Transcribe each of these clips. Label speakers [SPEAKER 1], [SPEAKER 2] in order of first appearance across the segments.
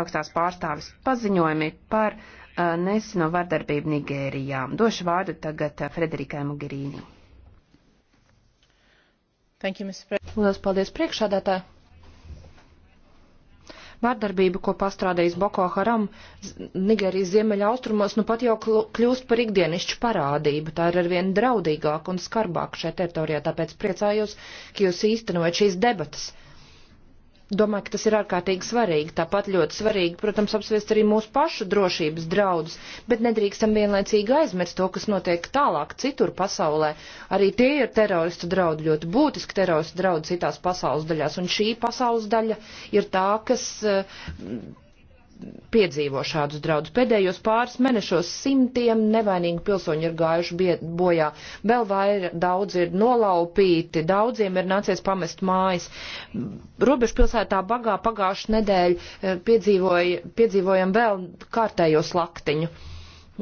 [SPEAKER 1] augstās pārstāvis paziņojumi par uh, neseno vardarbību Nigērijā. Došu vārdu tagad uh, Frederikai Mogherīni.
[SPEAKER 2] Lielas paldies priekšādātā. Vārdarbība, ko pastrādējis Boko Haram Nigērijas ziemeļa austrumos, nu pat jau kļūst par ikdienišķu parādību. Tā ir arvien draudīgāka un skarbāka šajā teritorijā, tāpēc priecājos, ka jūs īstenojat šīs debatas Domāju, ka tas ir ārkārtīgi svarīgi. Tāpat ļoti svarīgi, protams, apsvēst arī mūsu pašu drošības draudus, bet nedrīkstam vienlaicīgi aizmirst to, kas notiek tālāk citur pasaulē. Arī tie ir teroristu draudi, ļoti būtiski teroristu draudi citās pasaules daļās, un šī pasaules daļa ir tā, kas eh, piedzīvo šādus draudus. Pēdējos pāris mēnešos simtiem nevainīgu pilsoņu ir gājuši bojā, vēl vairāk daudz ir nolaupīti, daudziem ir nācies pamest mājas. Robežpilsētā bagā pagājuši nedēļ eh, piedzīvojam vēl kārtējo slaktiņu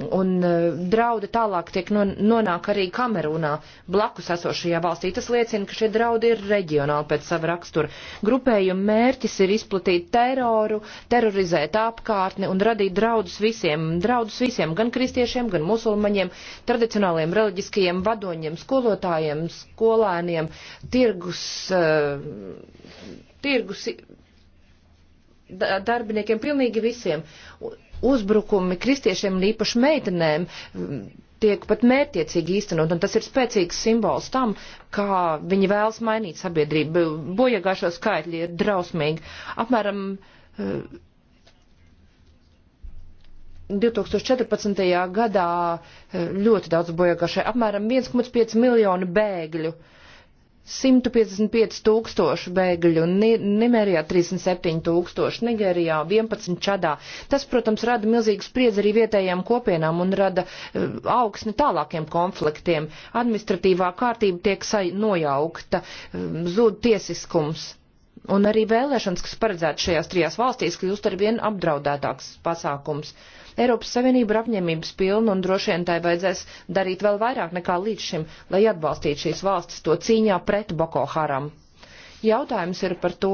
[SPEAKER 2] un e, draudi tālāk tiek nonāk arī Kamerunā blakus esošajā valstī. Tas liecina, ka šie draudi ir reģionāli pēc sava rakstura. Grupējuma mērķis ir izplatīt teroru, terorizēt apkārtni un radīt draudus visiem, draudus visiem, gan kristiešiem, gan musulmaņiem, tradicionāliem reliģiskajiem vadoņiem, skolotājiem, skolēniem, tirgus, uh, tirgus darbiniekiem, pilnīgi visiem. Uzbrukumi kristiešiem un īpaši meitenēm tiek pat mērķiecīgi īstenot, un tas ir spēcīgs simbols tam, kā viņi vēlas mainīt sabiedrību. Bojagāšo skaitļi ir drausmīgi. Apmēram 2014. E, gadā e, ļoti daudz bojagāšai, apmēram 1,5 miljonu bēgļu 155 tūkstoši bēgļu, Nimērijā 37 tūkstoši, Nigērijā 11 čadā. Tas, protams, rada milzīgu spriedzi arī vietējām kopienām un rada e, augsni tālākiem konfliktiem. Administratīvā kārtība tiek nojaukta, e, zūd tiesiskums. Un arī vēlēšanas, kas paredzētas šajās trijās valstīs, kļūst arvien apdraudētāks pasākums. Uh, Eiropas Savienība ir apņēmības pilna un droši vien tai vajadzēs darīt vēl vairāk nekā līdz šim, lai atbalstītu šīs valstis to cīņā pret Boko Haram. Jautājums ir par to,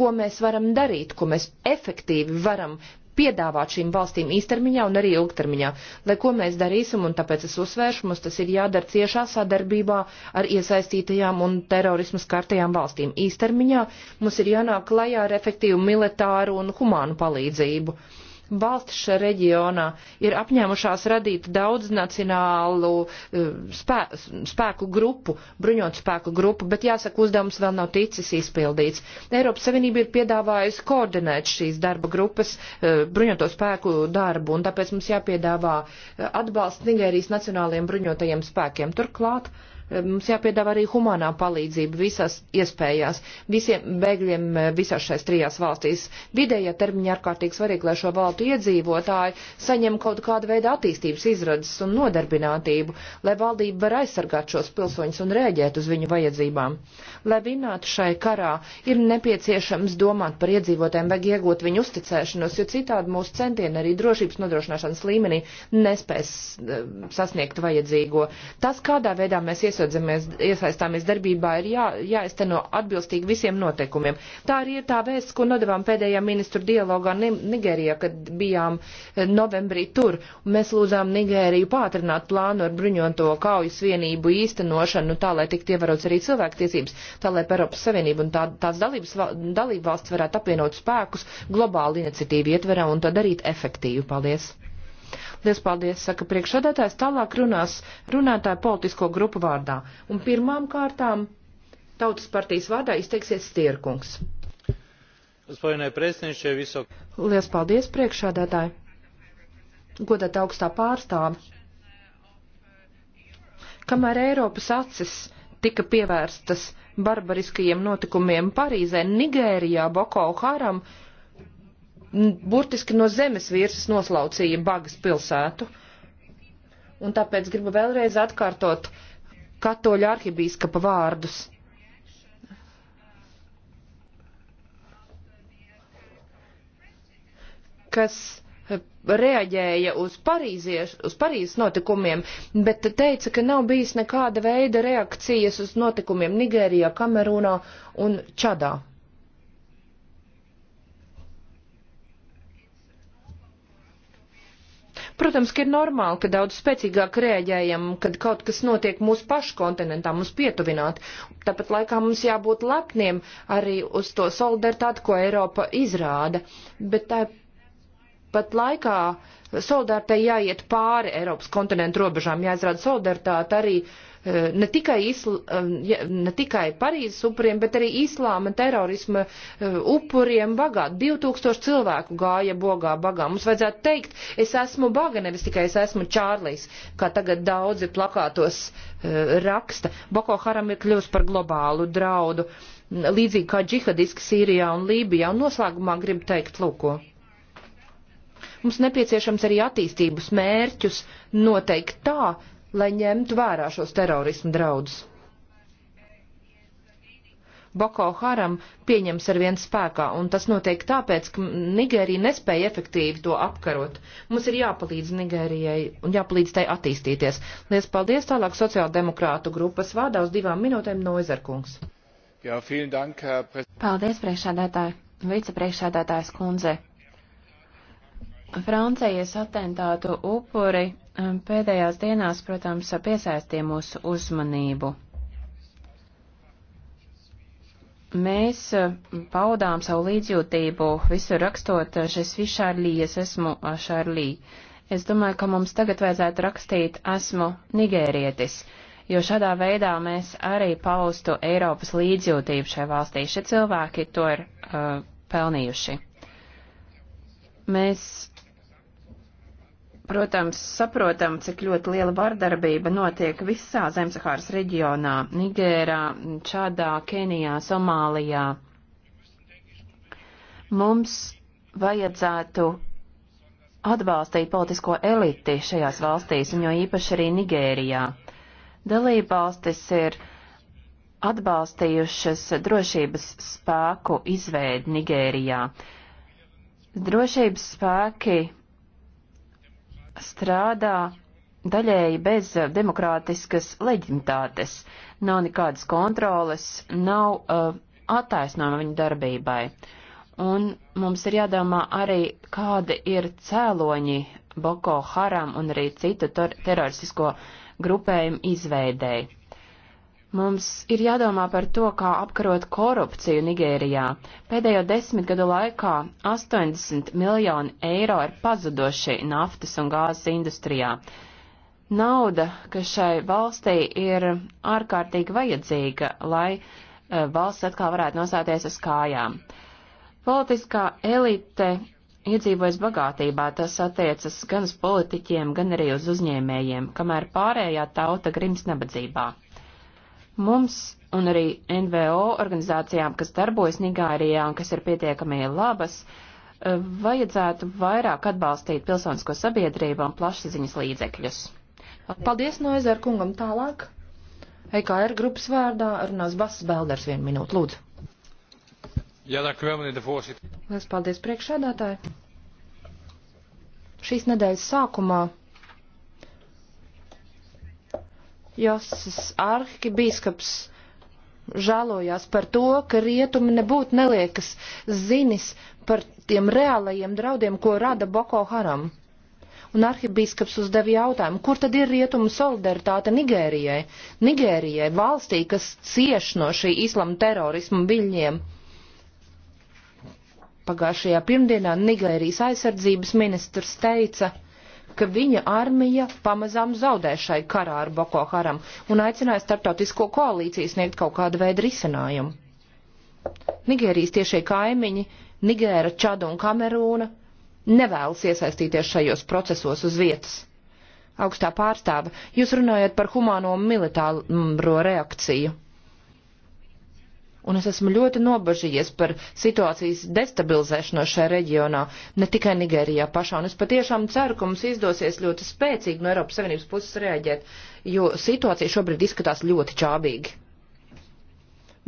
[SPEAKER 2] ko mēs varam darīt, ko mēs efektīvi varam piedāvāt šīm valstīm īstermiņā un arī ilgtermiņā. Lai ko mēs darīsim, un tāpēc es uzsvēršu, mums tas ir jādara ciešā sadarbībā ar iesaistītajām un terorismu skartajām valstīm. Īstermiņā mums ir jānāk klajā ar efektīvu militāru un humānu palīdzību valstis šajā reģionā ir apņēmušās radīt daudz nacionālu eh, spē, spēku grupu, bruņot spēku grupu, bet jāsaka, uzdevums vēl nav ticis izpildīts. Eiropas Savienība ir piedāvājusi koordinēt šīs darba grupas eh, bruņoto spēku darbu, un tāpēc mums jāpiedāvā eh, atbalsts Nigērijas nacionālajiem bruņotajiem spēkiem. Turklāt Eh, mums jāpiedāvā arī humanā palīdzība visās iespējās, visiem bēgļiem eh, visās šais trijās valstīs. Vidējā termiņā ārkārtīgi svarīgi, lai šo valstu iedzīvotāji saņem kaut kādu veidu attīstības izredzes un nodarbinātību, lai valdība var aizsargāt šos pilsoņus un rēģēt uz viņu vajadzībām. Lai vinētu šai karā, ir nepieciešams domāt par iedzīvotēm, vajag iegūt viņu uzticēšanos, jo citādi mūsu centieni arī drošības nodrošināšanas līmenī nespēs eh, sasniegt vajadzīgo. Tas, kādā veidā mēs iesaistīsim, iesaistāmies darbībā, ir jā, jāizteno atbilstīgi visiem noteikumiem. Tā arī ir tā vēsts, ko nodevām pēdējā ministru dialogā Nigērijā, kad bijām eh, novembrī tur. Mēs lūdzām Nigēriju pātrināt plānu ar bruņoto kaujas vienību īstenošanu, tā lai tiktu ievērots arī cilvēktiesības, tā lai Eiropas Savienība un tā, tās dalības, dalība valsts varētu apvienot spēkus globāli iniciatīvu ietverā un to darīt efektīvi. Paldies! Lies paldies, saka priekšsēdētājs. Tālāk runās runātāja politisko grupu vārdā. Un pirmām kārtām tautas partijas vārdā izteiksies Stierkungs. Lies paldies, priekšsēdētāji. Godāt augstā pārstāva. Kamēr Eiropas acis tika pievērstas barbariskajiem notikumiem Parīzē, Nigērijā, Boko Haram, uh, burtiski no zemes virsmas noslaucīja Bagas pilsētu. Un tāpēc gribu vēlreiz atkārtot katoļu arhibīskapa vārdus. kas reaģēja uz, Parīzieš, uz Parīzes notikumiem, bet teica, ka nav bijis nekāda veida reakcijas uz notikumiem Nigērijā, Kamerūnā un Čadā. Protams, ka ir normāli, ka daudz spēcīgāk rēģējam, kad kaut kas notiek mūsu pašu kontinentā, mums pietuvināt. Tāpat laikā mums jābūt lepniem arī uz to solidaritāti, ko Eiropa izrāda. Bet tā pat laikā solidaritāte jāiet pāri Eiropas kontinentu robežām, jāizrāda solidaritāte arī eh, ne tikai, isl, eh, ne tikai Parīzes upuriem, bet arī islāma terorisma eh, upuriem bagā. 2000 cilvēku gāja bogā bagā. Mums vajadzētu teikt, es esmu baga, nevis tikai es esmu Čārlis, kā tagad daudzi plakātos raksta. Boko Haram ir kļuvusi par globālu draudu, līdzīgi kā džihadiski Sīrijā un Lībijā. Un noslēgumā gribu teikt, lūko. Mums nepieciešams arī attīstības mērķus noteikt tā, lai ņemtu vērā šos terorismu draudus. Boko Haram pieņems ar viens spēkā, un tas notiek tāpēc, ka Nigērija nespēja efektīvi to apkarot. Mums ir jāpalīdz Nigērijai un jāpalīdz tai attīstīties. Lies paldies tālāk sociāldemokrātu grupas vārdā uz divām minūtēm Noizerkungs.
[SPEAKER 3] Jā, dank,
[SPEAKER 2] Paldies, priekšādātāji, vicepriekšādātājs kundze.
[SPEAKER 1] Francijas atentātu upuri um, pēdējās dienās, protams, piesaistīja mūsu uzmanību. Mēs uh, paudām savu līdzjūtību, visu rakstot, šis viss Šārlī, es esmu Šārlī. Uh, es domāju, ka mums tagad vajadzētu rakstīt, esmu nigērietis, jo šādā veidā mēs arī paustu Eiropas līdzjūtību šai valstī. Šie cilvēki to ir uh, pelnījuši. Mēs Protams, saprotam, cik ļoti liela vardarbība notiek visā Zemsahāras reģionā - Nigērā, Čādā, Kenijā, Somālijā. Mums vajadzētu atbalstīt politisko eliti šajās valstīs, un jo īpaši arī Nigērijā. Dalībvalstis ir atbalstījušas drošības spēku izveidi Nigērijā. Drošības spēki strādā daļēji bez demokrātiskas leģimitātes, nav nekādas kontroles, nav uh, attaisnojuma viņu darbībai. Un mums ir jādomā arī, kādi ir cēloņi Boko Haram un arī citu teroristisko grupējumu izveidēji. Mums ir jādomā par to, kā apkarot korupciju Nigērijā. Pēdējo desmit gadu laikā 80 miljoni eiro ir pazuduši naftas un gāzes industrijā. Nauda, kas šai valstī ir ārkārtīgi vajadzīga, lai eh, valsts atkal varētu nostāties uz kājām. Politiskā elite iedzīvojas bagātībā, tas attiecas gan uz politiķiem, gan arī uz uzņēmējiem, kamēr pārējā tauta grims nabadzībā. Mums un arī NVO organizācijām, kas darbojas Nigārijā un kas ir pietiekami labas, eh, vajadzētu vairāk atbalstīt pilsonisko sabiedrību un plašsaziņas līdzekļus.
[SPEAKER 2] Paldies, Noizēra kungam, tālāk. EKR grupas vārdā runās Bass Belders vienu minūtu, lūdzu.
[SPEAKER 3] Jā, tā kā man ir defosit.
[SPEAKER 2] Lielas paldies priekšsēdētāji. Šīs nedēļas sākumā Joses arhibīskaps žēlojās par to, ka rietumi nebūtu neliekas zinis par tiem reālajiem draudiem, ko rada Boko Haram. Un arhibīskaps uzdeva jautājumu, kur tad ir rietumu solidaritāte Nigērijai? Nigērijai, valstī, kas cieš no šī islama terorisma viļņiem. Pagājušajā pirmdienā Nigērijas aizsardzības ministrs teica, ka ka viņa armija pamazām zaudē šai karā ar Boko Haram un aicināja starptautisko koalīciju sniegt kaut kādu veidu risinājumu. Nigērijas tiešie kaimiņi, Nigēra, Čada un Kamerūna nevēlas iesaistīties šajos procesos uz vietas. Augstā pārstāve, jūs runājat par humāno militāro reakciju. Un es esmu ļoti nobažījies par situācijas destabilizēšanos šajā reģionā, ne tikai Nigērijā pašā. Un es patiešām ceru, ka mums izdosies ļoti spēcīgi no Eiropas Savienības puses reaģēt, jo situācija šobrīd izskatās ļoti čābīgi.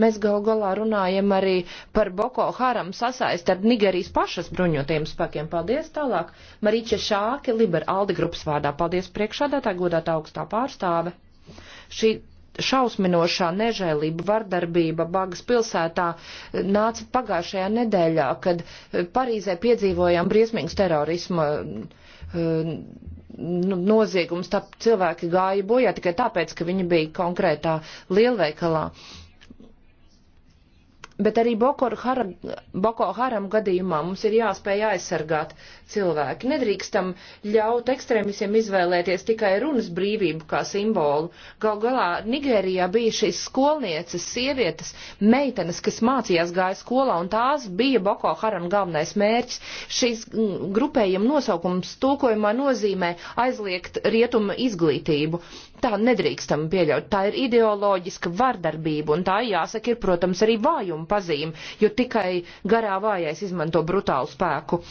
[SPEAKER 2] Mēs gal galā runājam arī par Boko Haram sasaist ar Nigerijas pašas bruņotajiem spēkiem. Paldies tālāk. Marīķa Šāke, Liber Aldi grupas vārdā. Paldies priekšādātā godātā augstā pārstāve. Šī šausminošā nežēlība, vardarbība Bagas pilsētā eh, nāca pagājušajā nedēļā, kad eh, Parīzē piedzīvojām briesmīgus terorisma eh, nu, noziegums, tā cilvēki gāja bojā tikai tāpēc, ka viņi bija konkrētā lielveikalā. Bet arī Boko Haram, Boko Haram gadījumā mums ir jāspēj aizsargāt cilvēki. Nedrīkstam ļaut ekstrēmistiem izvēlēties tikai runas brīvību kā simbolu. Gal galā Nigērijā bija šīs skolnieces, sievietes, meitenes, kas mācījās gāja skolā, un tās bija Boko Haram galvenais mērķis. Šīs mm, grupējuma nosaukums tulkojumā nozīmē aizliegt rietumu izglītību. Tā nedrīkstam pieļaut. Tā ir ideoloģiska vardarbība, un tā jāsaka ir, protams, arī vājuma pazīme, jo tikai garā vājais izmanto brutālu spēku.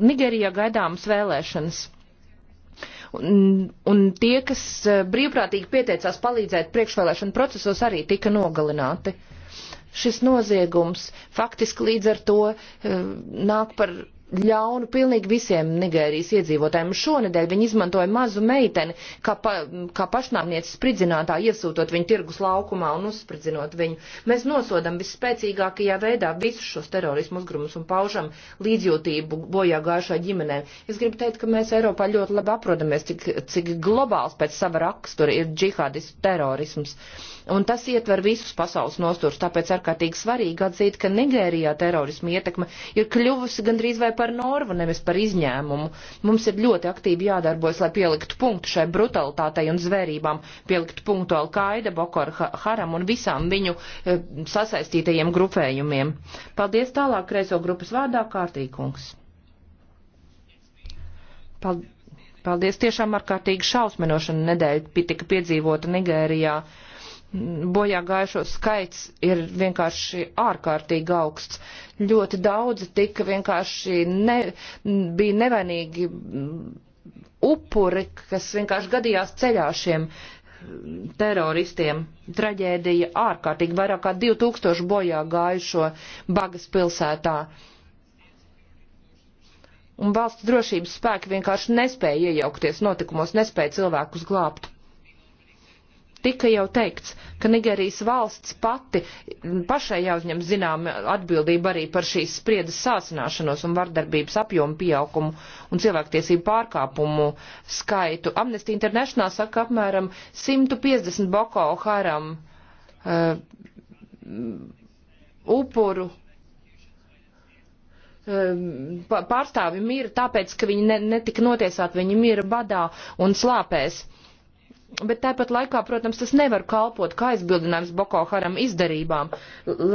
[SPEAKER 2] Nigerijā gaidāmas vēlēšanas. Un, un tie, kas e, brīvprātīgi pieteicās palīdzēt priekšvēlēšanu procesos, arī tika nogalināti. Šis noziegums faktiski līdz ar to e, nāk par ļaunu pilnīgi visiem Nigērijas iedzīvotājiem. Šonedēļ viņi izmantoja mazu meiteni, kā, pa, kā pašnāvnieces spridzinātā, iesūtot viņu tirgus laukumā un uzspridzinot viņu. Mēs nosodam visspēcīgākajā veidā visus šos terorismu uzgrumus un paužam līdzjūtību bojā gājušai ģimenēm. Es gribu teikt, ka mēs Eiropā ļoti labi aprodamies, cik, cik globāls pēc sava rakstura ir džihādistu terorisms. Uh, un tas ietver visus pasaules nostūrus. Tāpēc ārkārtīgi svarīgi atzīt, ka Nigērijā terorisma ietekme ir kļuvusi gandrīz vai par normu, nevis par izņēmumu. Mums ir ļoti aktīvi jādarbojas, lai pieliktu punktu šai brutalitātei un zvērībām, pieliktu punktu Al-Qaida, Bokor Haram un visām viņu e, sasaistītajiem grupējumiem. Paldies tālāk, Kreiso grupas vārdā, Kārtīkungs. Paldies! Paldies tiešām ārkārtīgi šausminošana nedēļa tika piedzīvota Nigērijā. Uh, bojā gājušo skaits ir vienkārši ārkārtīgi augsts. Ļoti daudzi tika vienkārši ne, bija nevainīgi upuri, kas vienkārši gadījās ceļā šiem teroristiem. Traģēdija ārkārtīgi vairāk kā 2000 bojā gājušo Bagas pilsētā un valsts drošības spēki vienkārši nespēja iejaukties notikumos, nespēja cilvēkus glābt. Tika jau teikts, ka Nigerijas valsts pati pašai jāuzņem zinām atbildība arī par šīs spriedzes sāsināšanos un vardarbības apjomu pieaugumu un cilvēktiesību pārkāpumu skaitu. Amnesty International saka apmēram 150 Boko Haram uh, upuru eh, pārstāvi mira tāpēc, ka viņi ne, netika notiesāti, viņi mira badā un slāpēs. Uh, Bet tāpat laikā, protams, tas nevar kalpot kā aizbildinājums Boko Haram izdarībām,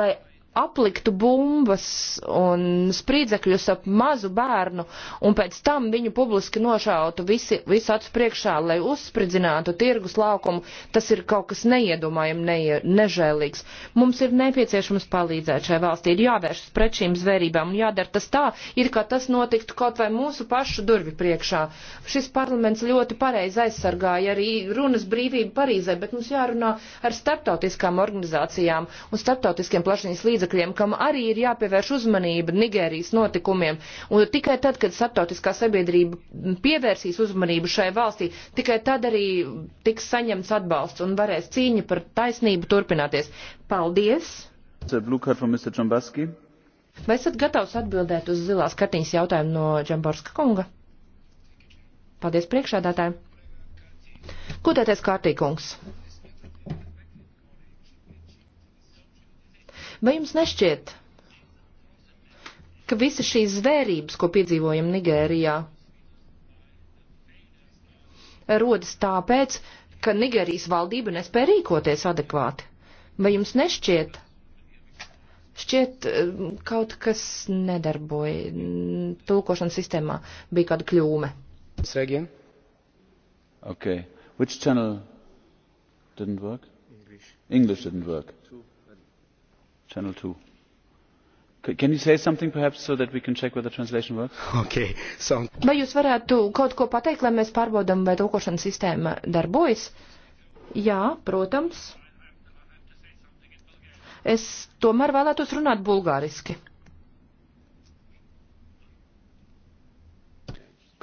[SPEAKER 2] lai apliktu bumbas un sprīdzekļus ap mazu bērnu un pēc tam viņu publiski nošautu visi, visu acu priekšā, lai uzspridzinātu tirgus laukumu, tas ir kaut kas neiedomājami ne, nežēlīgs. Mums ir nepieciešams palīdzēt šai valstī, ir jāvēršas pret šīm zvērībām un jādara tas tā, ir kā tas notiktu kaut vai mūsu pašu durvi priekšā. Šis parlaments ļoti pareizi aizsargāja arī runas brīvību Parīzē, bet mums jārunā ar starptautiskām organizācijām un starptautiskiem plašiņas līdzekļiem līdzekļiem, kam arī ir jāpievērš uzmanība Nigērijas notikumiem. Un tikai tad, kad starptautiskā sabiedrība pievērsīs uzmanību šai valstī, tikai tad arī tiks saņemts atbalsts un varēs cīņa par taisnību turpināties. Paldies! Vai esat gatavs atbildēt uz zilās kartiņas jautājumu no Džamborska kunga? Paldies priekšādātājiem! Ko tātais kārtīkungs? Vai jums nešķiet, ka visas šīs zvērības, ko piedzīvojam Nigērijā, rodas tāpēc, ka Nigērijas valdība nespēja rīkoties adekvāti? Vai jums nešķiet? Šķiet, eh, kaut kas nedarboja. Tulkošanas sistēmā bija kāda kļūme.
[SPEAKER 3] Sveiki. Okay. Which channel didn't work? English. English didn't work channel 2 Can you say something perhaps so that we can check whether translation works? Okay. So...
[SPEAKER 2] Vai jūs varētu kaut ko pateikt, lai mēs pārbaudam, vai tulkošanas sistēma darbojas? Jā, protams. Es tomēr vēlētos runāt bulgāriski.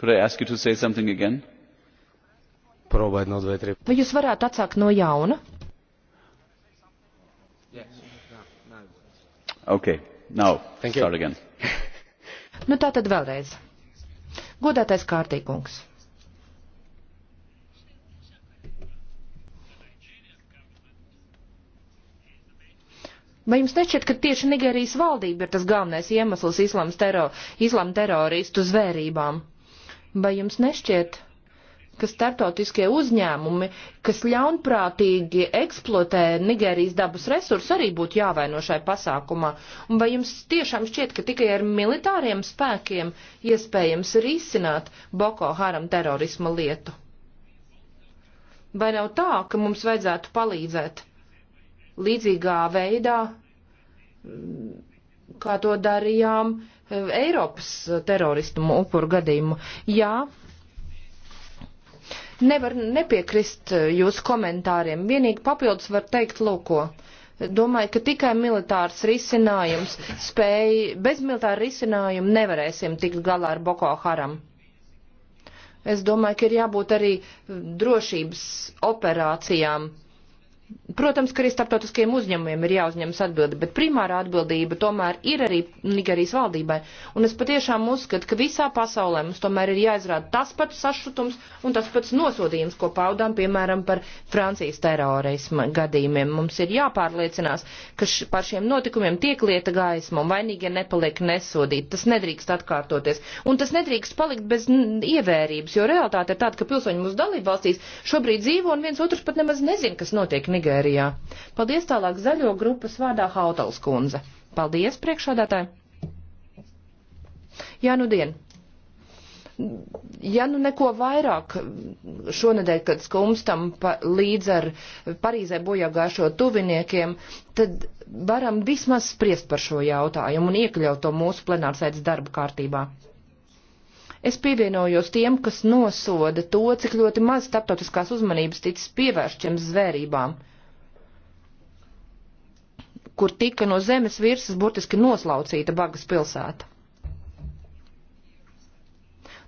[SPEAKER 3] Could I ask you to say something again? Probēt no dvētrību.
[SPEAKER 2] Vai jūs varētu atsākt no jauna?
[SPEAKER 1] Yes.
[SPEAKER 3] Okay. Now, start again.
[SPEAKER 2] nu tā tad vēlreiz. Godātais kārtīkungs. Vai jums nešķiet, ka tieši Nigērijas valdība ir tas galvenais iemesls islāma tero, teroristu zvērībām? Vai jums nešķiet? ka startautiskie uzņēmumi, kas ļaunprātīgi eksploatē Nigērijas dabas resursus, arī būtu jāvaino šai pasākumā? Un vai jums tiešām šķiet, ka tikai ar militāriem spēkiem iespējams risināt Boko Haram terorisma lietu? Vai nav tā, ka mums vajadzētu palīdzēt līdzīgā veidā, kā to darījām eh, Eiropas eh, teroristu upuru gadījumu? Jā, Nevar nepiekrist eh, jūsu komentāriem. Vienīgi papildus var teikt, lūko. Domāju, ka tikai militārs risinājums spēj, bez militāra risinājuma nevarēsim tikt galā ar Boko Haram. Es domāju, ka ir jābūt arī eh, drošības operācijām Protams, ka arī starptautiskiem uzņēmumiem ir jāuzņemas atbildi, bet primārā atbildība tomēr ir arī Nigerijas valdībai. Un es patiešām uzskatu, ka visā pasaulē mums tomēr ir jāizrāda tas pats sašutums un tas pats nosodījums, ko paudām, piemēram, par Francijas terorisma gadījumiem. Mums ir jāpārliecinās, ka š, par šiem notikumiem tiek lieta gaisma un vainīgie nepaliek nesodīti. Tas nedrīkst atkārtoties. Un tas nedrīkst palikt bez ievērības, jo realitāte ir tāda, ka pilsoņi mūsu dalībvalstīs šobrīd dzīvo un viens otrs pat nemaz nezin, kas notiek. Nigērijā. Paldies tālāk zaļo grupas vārdā Hautals kundze. Paldies, priekšādātāji. Jā, nu dien. Ja nu neko vairāk šonadēļ, kad skumstam pa, līdz ar Parīzē bojāgājušo tuviniekiem, tad varam vismaz spriest par šo jautājumu un iekļaut to mūsu plenārsēdes darba kārtībā. Es pievienojos tiem, kas nosoda to, cik ļoti maz starptautiskās uzmanības ticis pievēršķiem zvērībām kur tika no zemes virsmas burtiski noslaucīta Bagas pilsēta.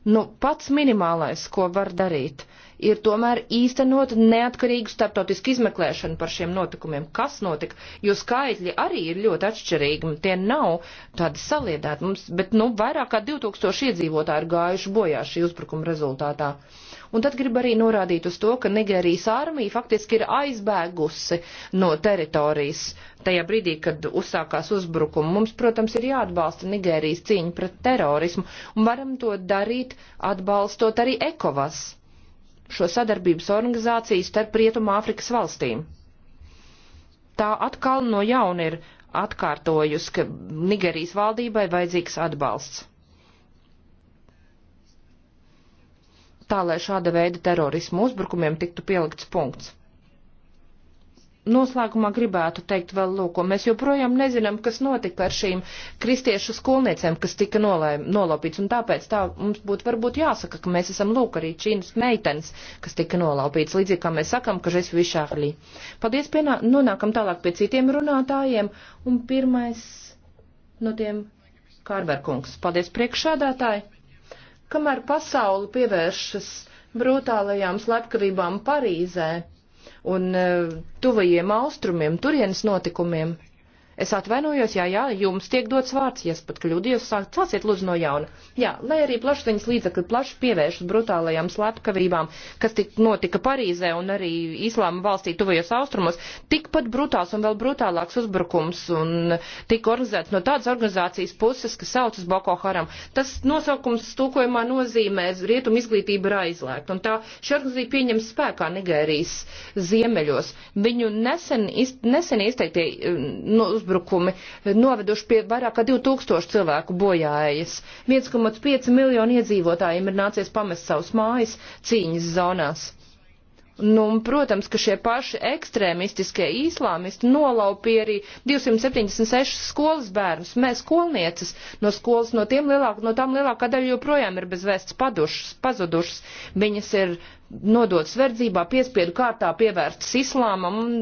[SPEAKER 2] Nu, pats minimālais, ko var darīt, ir tomēr īstenot neatkarīgu starptautisku izmeklēšanu par šiem notikumiem, kas notika, jo skaitļi arī ir ļoti atšķirīgi, tie nav tādi saliedēti mums, bet, nu, vairāk kā 2000 iedzīvotāji ir gājuši bojā šī uzbrukuma rezultātā. Uh, Un tad gribu arī norādīt uz to, ka Nigērijas armija faktiski ir aizbēgusi no teritorijas tajā brīdī, kad uzsākās uzbrukumi. Mums, protams, ir jāatbalsta Nigērijas cīņa pret terorismu, un varam to darīt atbalstot arī ECOVAS, šo sadarbības organizāciju starp Rietumu Āfrikas valstīm. Tā atkal no jauna ir atkārtojusi, ka Nigērijas valdībai vajadzīgs atbalsts. tā lai šāda veida terorismu uzbrukumiem tiktu pielikts punkts. Noslēgumā gribētu teikt vēl lūko, mēs joprojām nezinām, kas notika ar šīm kristiešu skolniecēm, kas tika nolē, nolaupīts, un tāpēc tā mums būtu varbūt jāsaka, ka mēs esam lūk arī čīnas meitenes, kas tika nolaupīts, līdzīgi kā mēs sakam, ka žes višārlī. Paldies, pienā, nonākam tālāk pie citiem runātājiem, un pirmais no tiem Kārverkungs. Paldies, priekšsēdētāji! Kamēr pasauli pievēršas brutālajām slepkavībām Parīzē un eh, tuvajiem austrumiem, turienes notikumiem, Es atvainojos, jā, jā, jums tiek dots vārds, ja es pat kļūdījos, sākt, sāciet lūdzu no jauna. Jā, lai arī plašsaziņas līdzekļi plaši pievēršas brutālajām slepkavībām, kas tik notika Parīzē un arī Islāma valstī tuvajos austrumos, tikpat brutāls un vēl brutālāks uzbrukums un tika organizēts no tādas organizācijas puses, kas saucas Boko Haram. Tas nosaukums tūkojumā nozīmē rietum izglītība ir aizliegta, un tā šī organizācija pieņem spēkā Nigērijas ziemeļos. Viņu nesen, iz, nesen izteiktie, nu, uzbrukumi eh, noveduši pie vairāk kā 2000 cilvēku bojājas. 1,5 miljonu iedzīvotājiem ir nācies pamest savus mājas cīņas zonās. Nu, un, protams, ka šie paši ekstrēmistiskie islāmisti nolaupīja arī 276 skolas bērnus, mēs skolnieces no skolas, no, lielāk, no tām lielākā daļa joprojām ir bez vēsts padušas, pazudušas. Viņas ir nodotas verdzībā, piespiedu kārtā pievērstas islāmam, un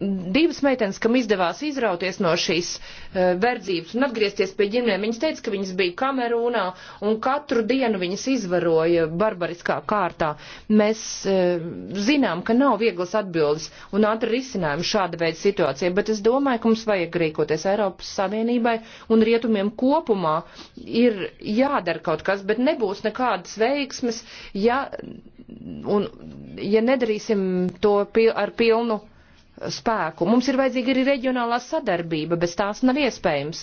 [SPEAKER 2] divas meitenes, kam izdevās izrauties no šīs uh, verdzības un atgriezties pie ģimnēm. Viņas teica, ka viņas bija Kamerūnā un katru dienu viņas izvaroja barbariskā kārtā. Mēs uh, zinām, ka nav vieglas atbildes un ātri risinājumi šāda veida situācija, bet es domāju, ka mums vajag rīkoties Eiropas Savienībai un rietumiem kopumā ir jādara kaut kas, bet nebūs nekādas veiksmes, ja, un, ja nedarīsim to pil ar pilnu spēku. Mums ir vajadzīga arī reģionālā sadarbība, bez tās nav iespējams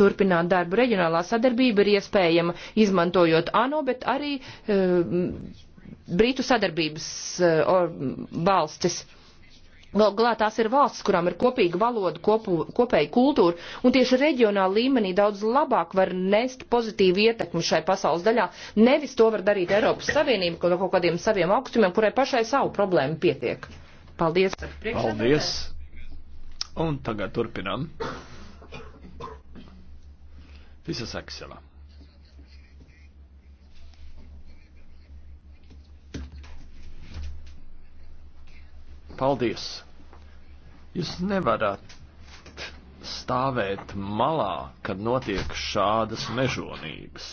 [SPEAKER 2] turpināt darbu. Reģionālā sadarbība ir iespējama izmantojot ANO, bet arī uh, Britu sadarbības uh, valstis. Galu galā tās ir valsts, kurām ir kopīga valoda, kopu, kopēja kultūra, un tieši reģionāla līmenī daudz labāk var nest pozitīvu ietekmi šai pasaules daļā. Nevis to var darīt Eiropas Savienība no kaut kādiem saviem augstumiem, kurai pašai savu problēmu pietiek. Paldies. Paldies.
[SPEAKER 3] Un tagad turpinam. Visas Excela. Paldies. Jūs nevarat stāvēt malā, kad notiek šādas mežonības,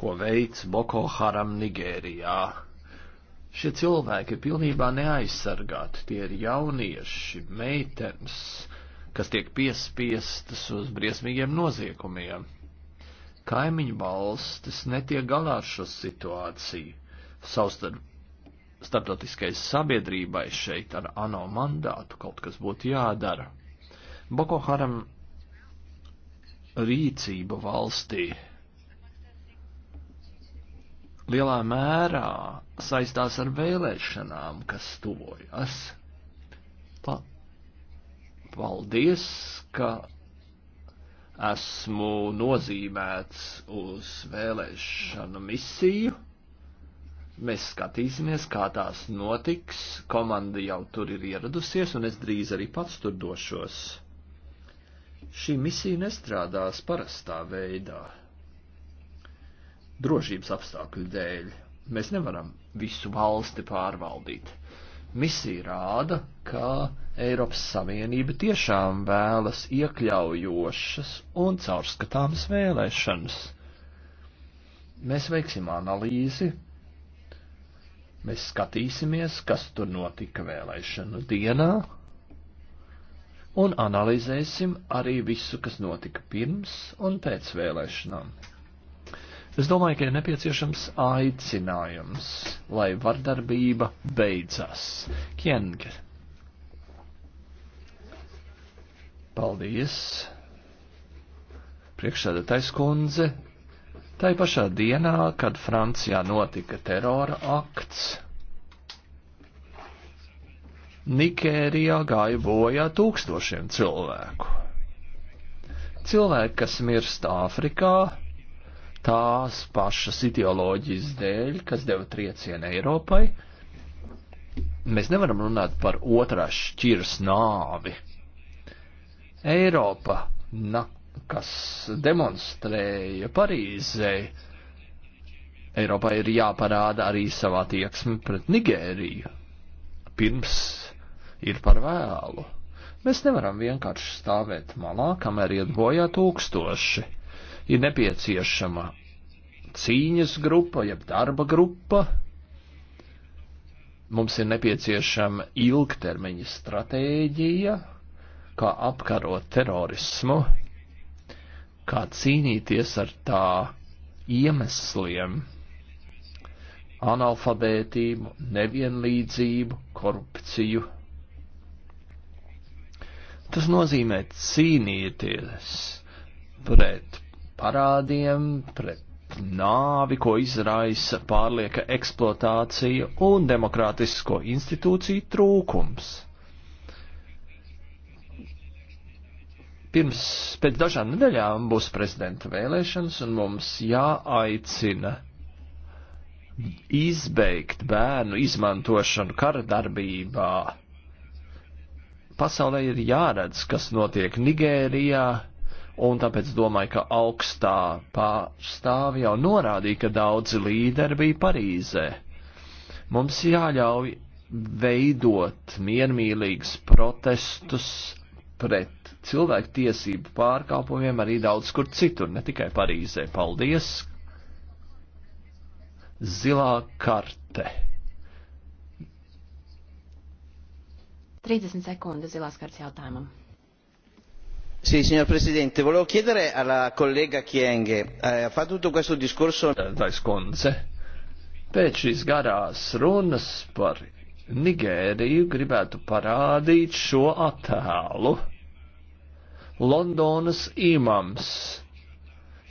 [SPEAKER 3] ko veids Boko Haram Nigērijā. Šie cilvēki ir pilnībā neaizsargāti. Tie ir jaunieši, meitenes, kas tiek piespiestas uz briesmīgiem noziegumiem. Kaimiņu valstis netiek galā ar šo situāciju. Savstarp starptautiskai sabiedrībai šeit ar ANO mandātu kaut kas būtu jādara. Boko Haram rīcība valstī lielā mērā saistās ar vēlēšanām, kas tuvojas. Pa, paldies, ka esmu nozīmēts uz vēlēšanu misiju. Mēs skatīsimies, kā tās notiks. Komanda jau tur ir ieradusies, un es drīz arī pats tur došos. Šī misija nestrādās parastā veidā drošības apstākļu dēļ. Mēs nevaram visu valsti pārvaldīt. Misija rāda, ka Eiropas Savienība tiešām vēlas iekļaujošas un caurskatāmas vēlēšanas. Mēs veiksim analīzi, mēs skatīsimies, kas tur notika vēlēšanu dienā, un analizēsim arī visu, kas notika pirms un pēc vēlēšanām. Es domāju, ka ir nepieciešams aicinājums, lai vardarbība beidzas. Kienke. Paldies. Priekšsēdētājs kundze. Tā ir pašā dienā, kad Francijā notika terora akts. Nikērijā gāja bojā tūkstošiem cilvēku. Cilvēki, kas mirst Āfrikā, tās pašas ideoloģijas dēļ, kas deva triecienu Eiropai. Mēs nevaram runāt par otrā šķiras nāvi. Eiropa, na, kas demonstrēja Parīzei, Eiropai ir jāparāda arī savā tieksme pret Nigēriju. Pirms ir par vēlu. Mēs nevaram vienkārši stāvēt malā, kamēr iet bojā tūkstoši ir nepieciešama cīņas grupa, jeb darba grupa. Mums ir nepieciešama ilgtermiņa stratēģija, kā apkarot terorismu, kā cīnīties ar tā iemesliem - analfabētību, nevienlīdzību, korupciju. Tas nozīmē cīnīties pret parādiem, pret nāvi, ko izraisa pārlieka eksploatācija un demokrātisko institūciju trūkums. Pirms pēc dažām nedēļām būs prezidenta vēlēšanas un mums jāaicina izbeigt bērnu izmantošanu kara darbībā. Pasaulē ir jāredz, kas notiek Nigērijā, un tāpēc domāju, ka augstā pārstāvi jau norādīja, ka daudzi līderi bija Parīzē. Mums jāļauj veidot miermīlīgus protestus pret cilvēku tiesību pārkāpumiem arī daudz kur citur, ne tikai Parīzē. Paldies! Zilā karte.
[SPEAKER 1] 30 sekundes zilās kartes jautājumam
[SPEAKER 3] signor presidente volevo chiedere alla collega kyenge eh, fa tutto questo discorso. Eh, pēc šīs garās runas par nigēriju gribētu parādīt šo attēlu. Londonas imams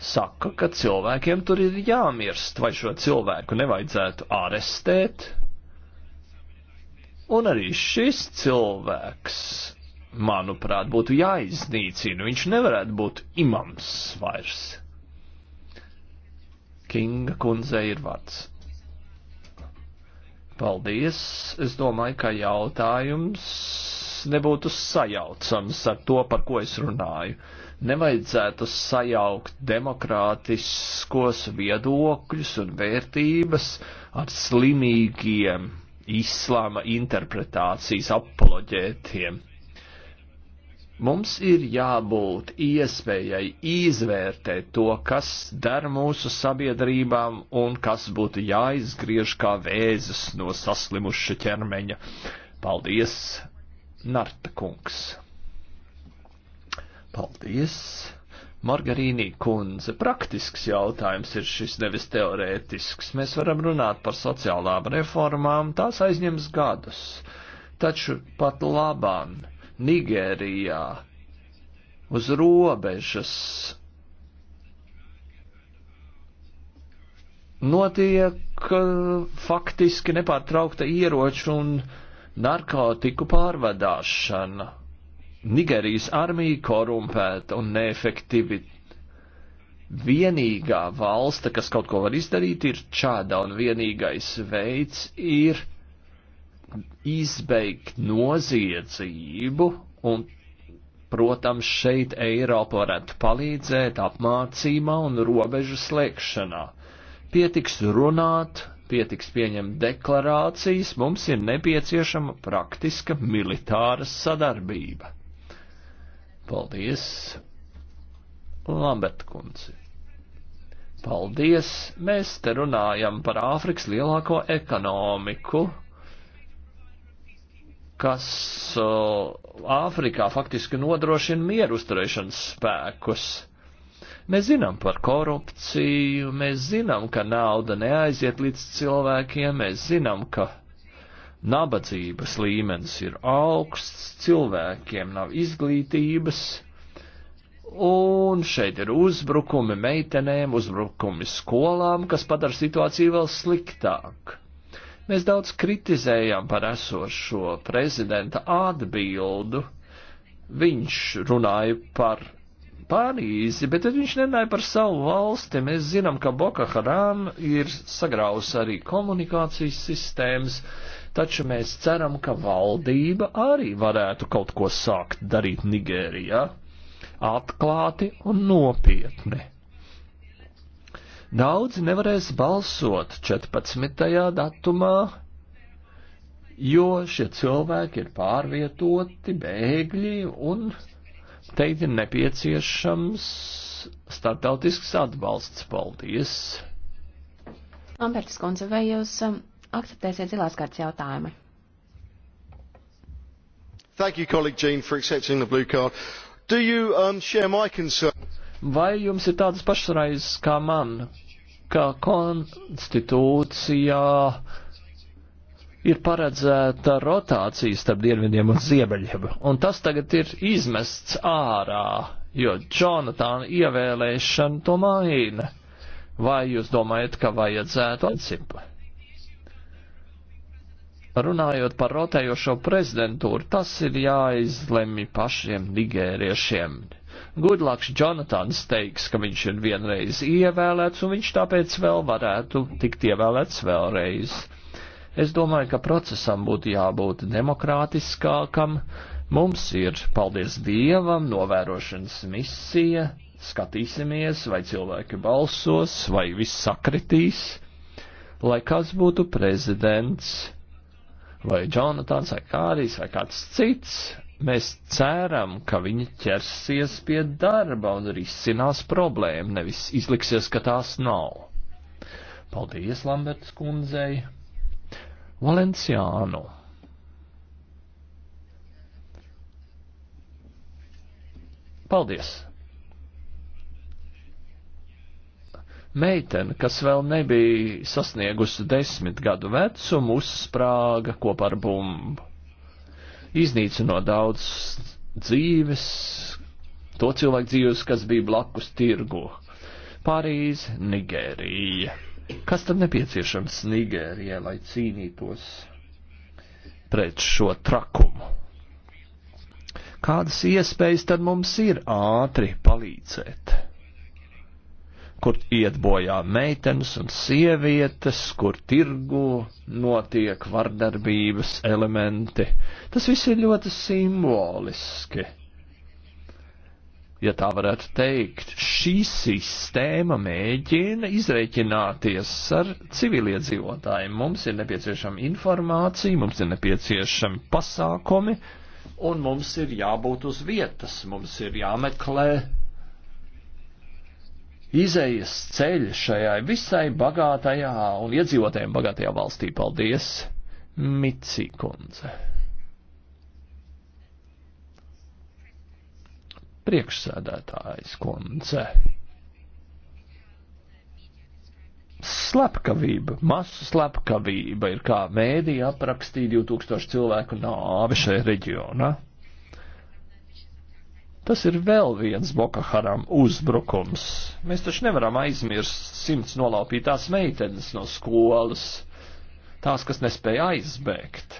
[SPEAKER 3] saka, ka cilvēkiem tur ir jāmirst, vai šo cilvēku nevajadzētu arestēt. Un arī šis cilvēks manuprāt, būtu jāiznīcina. Viņš nevarētu būt imams vairs. Kinga kundzei ir vārds. Paldies! Es domāju, ka jautājums nebūtu sajaucams ar to, par ko es runāju. Nevajadzētu sajaukt demokrātiskos viedokļus un vērtības ar slimīgiem islāma interpretācijas apoloģētiem. Mums ir jābūt iespējai izvērtēt to, kas der mūsu sabiedrībām un kas būtu jāizgriež kā vēzis no saslimuša ķermeņa. Paldies, Narta kungs! Paldies! Margarīnī kundze, praktisks jautājums ir šis nevis teorētisks. Mēs varam runāt par sociālām reformām, tās aizņems gadus. Taču pat labāk Nigērijā, uz robežas. Notiek eh, faktiski nepārtraukta ieroču un narkotiku pārvadāšana. Nigerijas armija korumpēta un neefektivi. Vienīgā valsta, kas kaut ko var izdarīt, ir čāda, un vienīgais veids ir izbeigt noziedzību un, protams, šeit Eiropa varētu palīdzēt apmācībā un robežu slēgšanā. Pietiks runāt, pietiks pieņemt deklarācijas, mums ir nepieciešama praktiska militāra sadarbība. Paldies, Lambert kundze. Paldies, mēs te runājam par Āfrikas lielāko ekonomiku, kas uh, Āfrikā faktiski nodrošina mieru uzturēšanas spēkus. Mēs zinām par korupciju, mēs zinām, ka nauda neaiziet līdz cilvēkiem, mēs zinām, ka nabadzības līmenis ir augsts, cilvēkiem nav izglītības, un šeit ir uzbrukumi meitenēm, uzbrukumi skolām, kas padara situāciju vēl sliktāku. Mēs daudz kritizējam par esošo prezidenta atbildu. Viņš runāja par Pārīzi, bet tad viņš nenāja par savu valsti. Mēs zinām, ka Boka Haram ir sagraus arī komunikācijas sistēmas, taču mēs ceram, ka valdība arī varētu kaut ko sākt darīt Nigērijā. Atklāti un nopietni. Daudzi nevarēs balsot 14. datumā, jo šie cilvēki ir pārvietoti, bēgļi un teikt ir nepieciešams startautisks atbalsts. Paldies!
[SPEAKER 1] Lamberts kundze, vai jūs um, akceptēsiet zilās kārtas jautājumu?
[SPEAKER 3] Thank you, colleague Jean, for accepting the blue card. Do you um, share my concern? Vai jums ir tādas pašas raizes kā man, ka konstitūcijā ir paredzēta rotācija starp dienvidiem un ziemeļiem, un tas tagad ir izmests ārā, jo Jonatāna ievēlēšana to maina. Vai jūs domājat, ka vajadzētu atcipli? Runājot par rotējošo prezidentūru, tas ir jāizlemj pašiem nigēriešiem. Gudlaks Jonatans teiks, ka viņš ir vienreiz ievēlēts, un viņš tāpēc vēl varētu tikt ievēlēts vēlreiz. Es domāju, ka procesam būtu jābūt demokrātiskākam. Mums ir, paldies Dievam, novērošanas misija. Skatīsimies, vai cilvēki balsos, vai viss sakritīs. Lai kas būtu prezidents vai Jonatans, vai Kārijs, vai kāds cits, mēs ceram, ka viņi ķersies pie darba un risinās problēmu, nevis izliksies, ka tās nav. Paldies, Lamberts kundzei! Valenciānu! Paldies! Meitene, kas vēl nebija sasniegusi desmit gadu vecumu, uzsprāga kopā ar bumbu, iznīcinot daudz dzīves, to cilvēku dzīves, kas bija blakus tirgu. Parīze, Nigērija. Kas tad nepieciešams Nigērijai, lai cīnītos pret šo trakumu? Kādas iespējas tad mums ir ātri palīdzēt? kur iet bojā meitenes un sievietes, kur tirgu notiek vardarbības elementi. Tas viss ir ļoti simboliski. Ja tā varētu teikt, šī sistēma mēģina izreikināties ar civiliedzīvotājiem. Mums ir nepieciešama informācija, mums ir nepieciešami pasākumi, un mums ir jābūt uz vietas, mums ir jāmeklē izējas ceļš šajā visai bagātajā un iedzīvotājiem bagātajā valstī. Paldies, Mici kundze. Priekšsēdētājs kundze. Slepkavība, masu slepkavība ir kā mēdī aprakstīja 2000 cilvēku nāvi šajā reģionā. Tas ir vēl viens Bokaharam uzbrukums. Mēs taču nevaram aizmirst simts nolaupītās meitenes no skolas, tās, kas nespēja aizbēgt.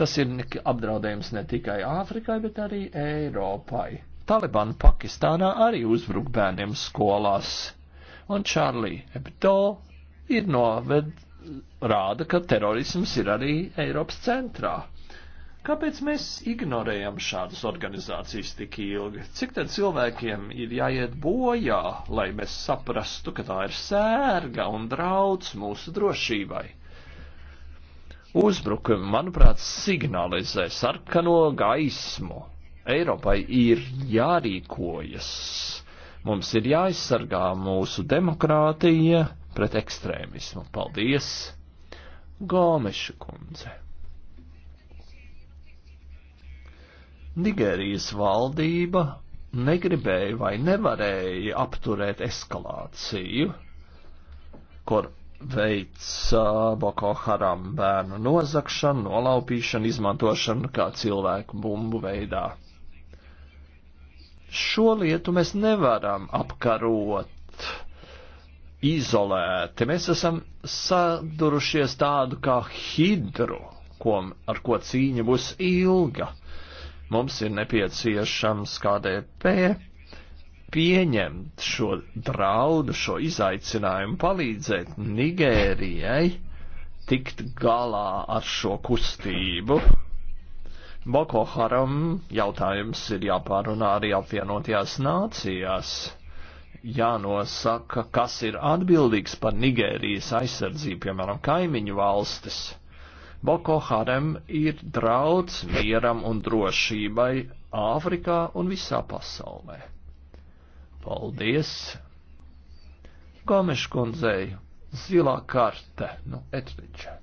[SPEAKER 3] Tas ir apdraudējums ne tikai Āfrikai, bet arī Eiropai. Talibani Pakistānā arī uzbruk bērniem skolās, un Čārlī Hebdo ir noved rāda, ka terorisms ir arī Eiropas centrā. Kāpēc mēs ignorējam šādas organizācijas tik ilgi? Cik tad cilvēkiem ir jāiet bojā, lai mēs saprastu, ka tā ir sērga un drauds mūsu drošībai? Uzbrukumi, manuprāt, signalizē sarkano gaismu. Eiropai ir jārīkojas. Mums ir jāaizsargā mūsu demokrātija pret ekstrēmismu. Paldies, Gomeša kundze! Nigērijas valdība negribēja vai nevarēja apturēt eskalāciju, kur veica Boko Haram bērnu nozakšanu, nolaupīšanu, izmantošanu kā cilvēku bumbu veidā. Šo lietu mēs nevaram apkarot izolēti. Mēs esam sadurušies tādu kā hidru, ko, ar ko cīņa būs ilga Mums ir nepieciešams KDP pieņemt šo draudu, šo izaicinājumu, palīdzēt Nigērijai tikt galā ar šo kustību. Boko Haram jautājums ir jāpārunā arī apvienotajās nācijās. Jānosaka, kas ir atbildīgs par Nigērijas aizsardzību, piemēram, kaimiņu valstis. Boko Harem ir draudz mieram un drošībai Āfrikā un visā pasaulē. Paldies! Gomeškundzei zilā karte no nu, Etriča.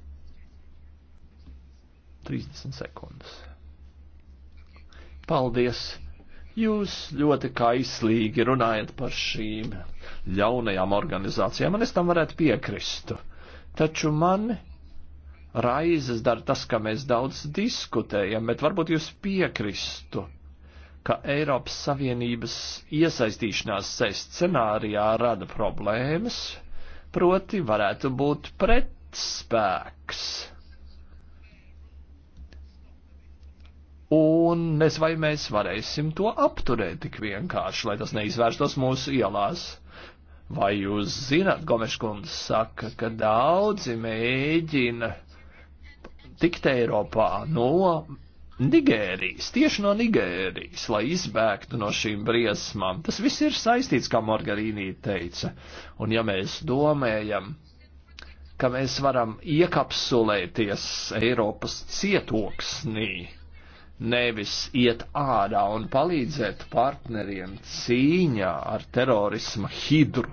[SPEAKER 3] 30 sekundes. Paldies! Jūs ļoti kaislīgi runājat par šīm ļaunajām organizācijām, un es tam varētu piekristu. Taču man raizes dara tas, ka mēs daudz diskutējam, bet varbūt jūs piekristu, ka Eiropas Savienības iesaistīšanās ceļ scenārijā rada problēmas, proti varētu būt pretspēks. Un mēs vai mēs varēsim to apturēt tik vienkārši, lai tas neizvērstos mūsu ielās. Vai jūs zināt, Gomeškundze saka, ka daudzi mēģina tikt Eiropā no Nigērijas, tieši no Nigērijas, lai izbēgtu no šīm briesmām. Tas viss ir saistīts, kā Margarīnī teica. Un ja mēs domājam, ka mēs varam iekapsulēties Eiropas cietoksnī, nevis iet ārā un palīdzēt partneriem cīņā ar terorisma hidru,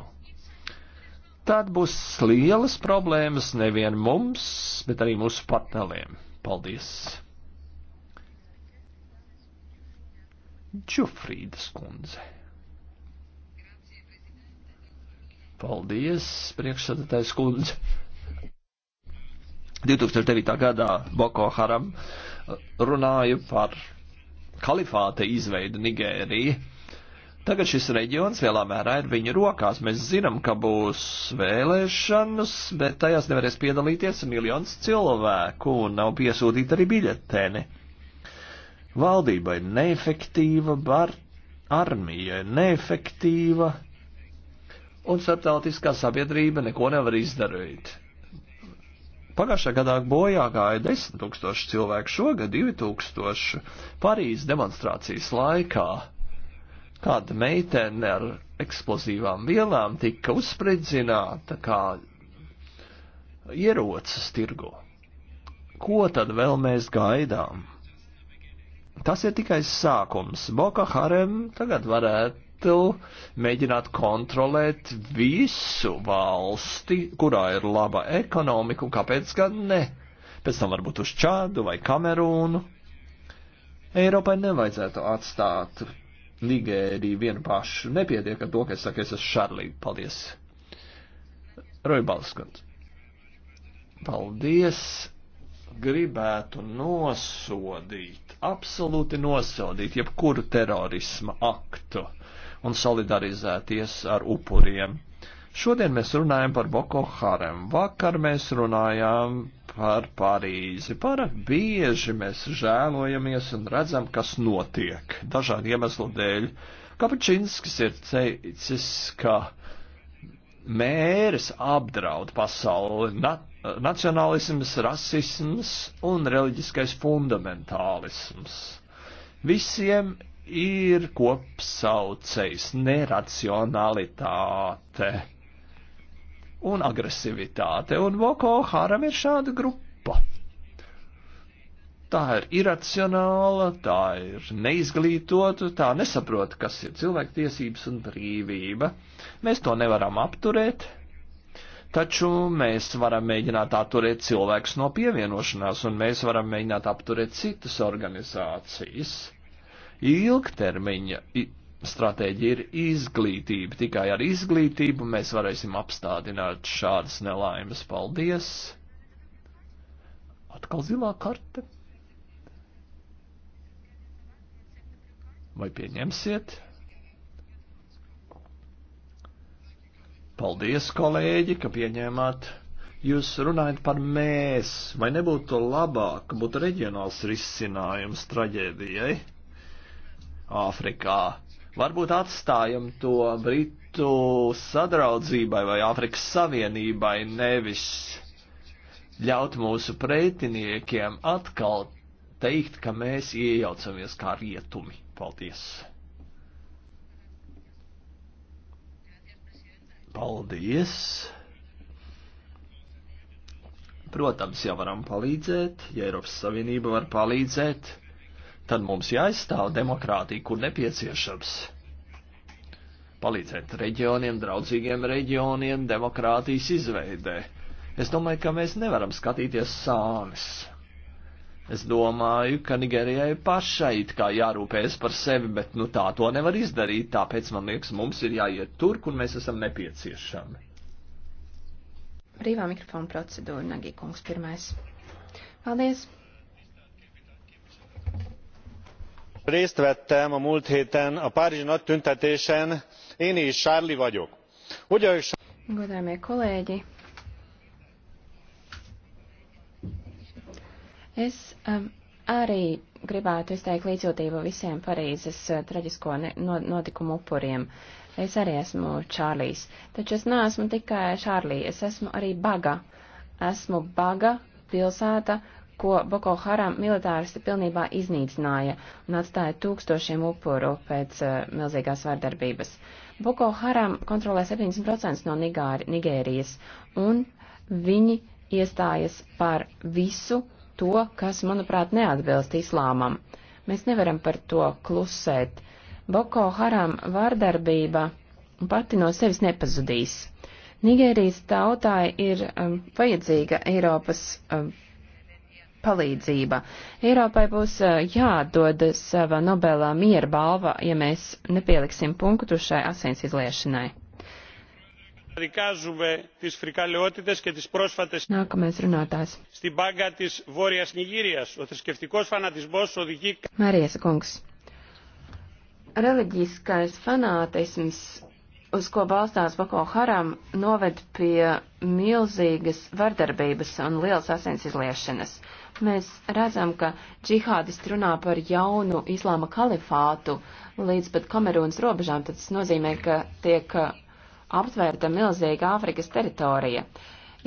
[SPEAKER 3] tad būs lielas problēmas nevien mums, bet arī mūsu partneriem. Paldies! Čufrīdas kundze. Paldies, priekšsēdētājs kundze. 2009. gadā Boko Haram uh, runāju par kalifāta izveidu Nigēriju Tagad šis reģions lielā mērā ir viņu rokās. Mēs zinām, ka būs vēlēšanas, bet tajās nevarēs piedalīties miljons cilvēku un nav piesūtīta arī biļetēne. Valdība ir neefektīva, bar, armija ir neefektīva, un starptautiskā sabiedrība neko nevar izdarīt. Pagājušā gadā bojā gāja 10 tūkstoši cilvēku, šogad 2 tūkstoši Parīzes demonstrācijas laikā kāda meitene ar eksplozīvām vielām tika uzspridzināta kā ierocis tirgu. Ko tad vēl mēs gaidām? Tas ir tikai sākums. Boka Harem tagad varētu mēģināt kontrolēt visu valsti, kurā ir laba ekonomika, un kāpēc gan ne? Pēc tam varbūt uz Čādu vai Kamerūnu. Eiropai nevajadzētu atstāt Nigēriju vienu pašu. Nepietiek ar to, ka es saku, es esmu Šarlī. Paldies. Roibalskundze. Paldies gribētu nosodīt, absolūti nosodīt jebkuru terorisma aktu un solidarizēties ar upuriem. Šodien mēs runājam par Boko Harem, vakar mēs runājām par Parīzi. Parāk bieži mēs žēlojamies un redzam, kas notiek dažādu iemeslu dēļ. Kapučinskis ir teicis, ka mērs apdraud pasauli na nacionālisms, rasisms un reliģiskais fundamentālisms. Visiem ir kopsaucējs neracionalitāte un agresivitāte, un Boko Haram ir šāda grupa. Tā ir iracionāla, tā ir neizglītota, tā nesaprot, kas ir cilvēktiesības un brīvība. Mēs to nevaram apturēt, taču mēs varam mēģināt atturēt cilvēkus no pievienošanās, un mēs varam mēģināt apturēt citas organizācijas. Ilgtermiņa stratēģija ir izglītība. Tikai ar izglītību mēs varēsim apstādināt šādas nelaimes. Paldies! Atkal zilā karte. Vai pieņemsiet? Paldies, kolēģi, ka pieņēmāt. Jūs runājat par mēs, vai nebūtu labāk, būtu reģionāls risinājums traģēdijai Āfrikā? Varbūt atstājam to Britu sadraudzībai vai Āfrikas Savienībai, nevis ļaut mūsu pretiniekiem atkal teikt, ka mēs iejaucamies kā rietumi. Paldies! Paldies! Protams, jau varam palīdzēt, ja Eiropas Savienība var palīdzēt tad mums jāizstāv demokrātija, kur nepieciešams. Palīdzēt reģioniem, draudzīgiem reģioniem, demokrātijas izveidē. Es domāju, ka mēs nevaram skatīties sānis. Es domāju, ka Nigērijai pašai it kā jārūpējas par sevi, bet nu tā to nevar izdarīt, tāpēc man liekas, mums ir jāiet tur, kur mēs esam nepieciešami.
[SPEAKER 1] Brīvā mikrofona procedūra, Nagī kungs, pirmais.
[SPEAKER 2] Paldies!
[SPEAKER 3] részt vettem a múlt héten a párizsi nagy tüntetésen én is sárli vagyok. Ugyanis...
[SPEAKER 1] Godāmie kolēģi, es um, arī gribētu izteikt līdzjūtību visiem Parīzes uh, traģisko ne, no, notikumu upuriem. Es arī esmu Čārlīs, taču es neesmu tikai Čārlī, es esmu arī Baga. Esmu Baga pilsēta, ko Boko Haram militāristi pilnībā iznīcināja un atstāja tūkstošiem upuru pēc uh, milzīgās vardarbības. Boko Haram kontrolē 70% no Nigāri, Nigērijas, un viņi iestājas par visu to, kas, manuprāt, neatbilst islāmam. Mēs nevaram par to klusēt. Boko Haram vardarbība pati no sevis nepazudīs. Nigērijas tautāji ir um, vajadzīga Eiropas um, palīdzība. Eiropai būs eh, jāatdod sava Nobelā miera balva, ja mēs nepieliksim punktu šai asins izliešanai.
[SPEAKER 3] Nākamais runātājs.
[SPEAKER 1] Mērijas kungs. Reliģiskais fanātisms uz ko balstās Boko Haram, noved pie milzīgas vardarbības un lielas asins izliešanas. Mēs redzam, ka džihādisti runā par jaunu islāma kalifātu līdz pat Kamerūnas robežām, tad tas nozīmē, ka tiek uh, aptvērta milzīga Āfrikas teritorija.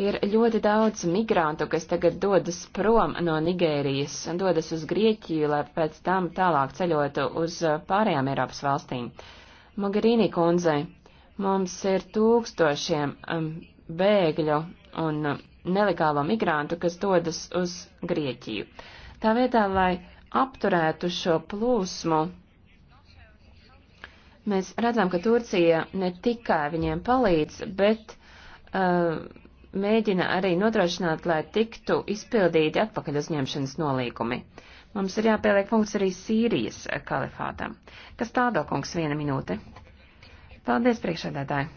[SPEAKER 1] Ir ļoti daudz migrantu, kas tagad dodas prom no Nigērijas, dodas uz Grieķiju, lai pēc tam tālāk ceļotu uz uh, pārējām Eiropas valstīm. Mogherini kundzei, mums ir tūkstošiem um, bēgļu un um, nelegālo migrantu, kas dodas uz Grieķiju. Tā vietā, lai apturētu šo plūsmu, mēs redzam, ka Turcija ne tikai viņiem palīdz, bet uh, mēģina arī nodrošināt, lai tiktu izpildīti atpakaļ uzņemšanas nolīgumi. Mums ir jāpieliek punkts arī Sīrijas kalifātam. Kas tādā, kungs, viena minūte? Paldies, priekšādētāji!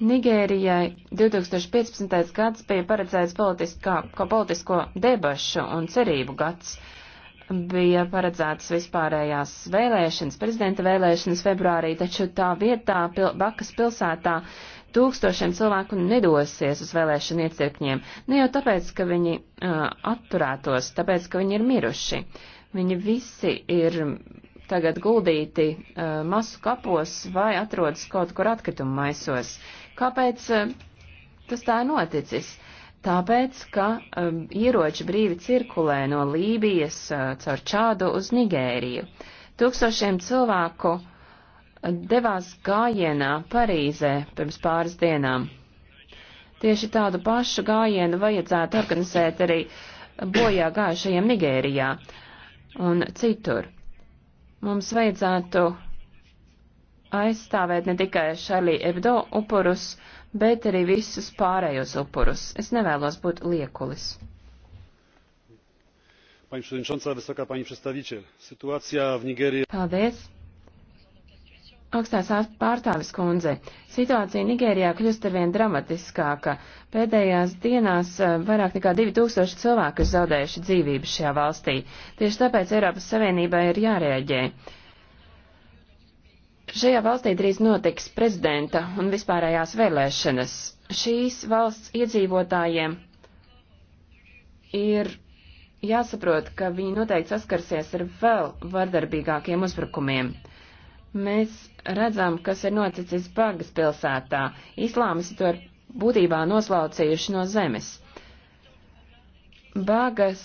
[SPEAKER 1] Nigērijai 2015. gads bija paredzēts politiskā, kā politisko debašu un cerību gads. Bija paredzētas vispārējās vēlēšanas, prezidenta vēlēšanas februārī, taču tā vietā pil Bakas pilsētā tūkstošiem cilvēku nedosies uz vēlēšanu iecirkņiem. Ne nu, jau tāpēc, ka viņi uh, atturētos, tāpēc, ka viņi ir miruši. Viņi visi ir tagad guldīti uh, masu kapos vai atrodas kaut kur atkrituma maisos. Uh, Kāpēc eh, tas tā noticis? Tāpēc, ka um, ieroči brīvi cirkulē no Lībijas uh, caur Čādu uz Nigēriju. Tūkstošiem cilvēku devās gājienā Parīzē pirms pāris dienām. Tieši tādu pašu gājienu vajadzētu organizēt arī bojā gājušajiem Nigērijā un citur. Mums vajadzētu aizstāvēt ne tikai Šarlī Ebdo upurus, bet arī visus pārējos upurus. Es nevēlos būt liekulis.
[SPEAKER 3] Pani przewodnicząca, wysoka pani przedstawiciel, sytuacja w Nigerii. Paldies.
[SPEAKER 1] Augstās pārstāvis kundze, situācija Nigērijā kļūst arvien dramatiskāka. Pēdējās dienās eh, vairāk nekā 2000 cilvēku ir zaudējuši dzīvību šajā valstī. Tieši tāpēc Eiropas Savienībai ir jārēģē. Šajā valstī drīz notiks prezidenta un vispārējās vēlēšanas. Šīs valsts iedzīvotājiem ir jāsaprot, ka viņi noteikti saskarsies ar vēl vardarbīgākiem uzbrukumiem. Mēs redzam, kas ir noticis Bagas pilsētā. Islāmisti to ir būtībā noslaucījuši no zemes. Bagas